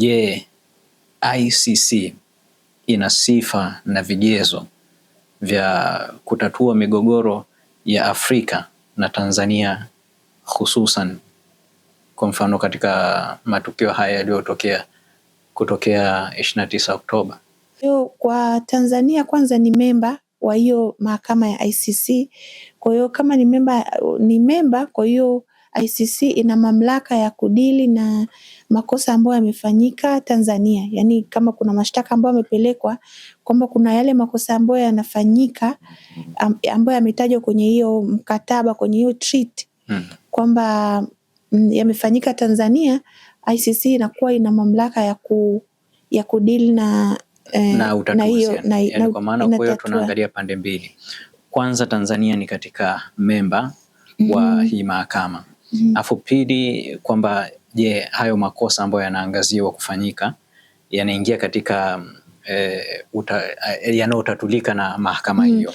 Je, ICC ina sifa na vigezo vya kutatua migogoro ya Afrika na Tanzania hususan kwa mfano katika matukio haya yaliyotokea kutokea 29 Oktoba. Kwa Tanzania kwanza ni memba wa hiyo mahakama ya ICC. Kwa hiyo kama ni memba ni memba, kwa hiyo ICC ina mamlaka ya kudili na makosa ambayo yamefanyika Tanzania, yaani kama kuna mashtaka ambayo yamepelekwa kwamba kuna yale makosa ambayo yanafanyika ambayo yametajwa kwenye hiyo mkataba, kwenye hiyo treat hmm. kwamba mm, yamefanyika Tanzania, ICC inakuwa ina mamlaka ya ku ya kudili na eh, na na utatuzi hiyo yani. na, na kwa maana kwa hiyo tunaangalia pande mbili. Kwanza Tanzania ni katika memba wa mm, hii mahakama Mm-hmm. Alafu pili kwamba je, hayo makosa ambayo yanaangaziwa kufanyika yanaingia katika e, uta, eh, yanayotatulika na mahakama mm-hmm. hiyo.